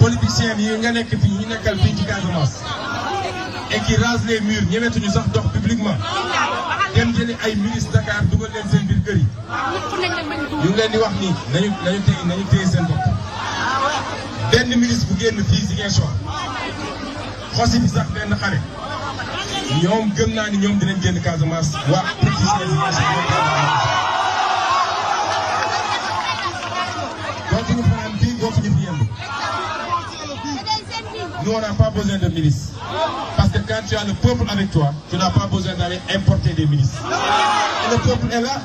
politiciens yi nga nekk fii ñu nekkal fii ci Casamance et qui rase les murs ñemetuñu sax dox publiquement dem jëli ay ministre Dakar dugal leen seen biir kër yi ñu ngi leen di wax nii nañu nañu téye nañu téye seen bopp benn ministre bu génn fii Ziguinchor xosi bi sax benn xare ñoom gëm naa ni ñoom dinañ génn Casamance waa politiciens Ziguinchor ci li fi yem. Nous, on n'a pas besoin de milices. Parce que quand tu as le peuple avec toi, tu n'as pas besoin d'aller importer des milices. Et le peuple est là.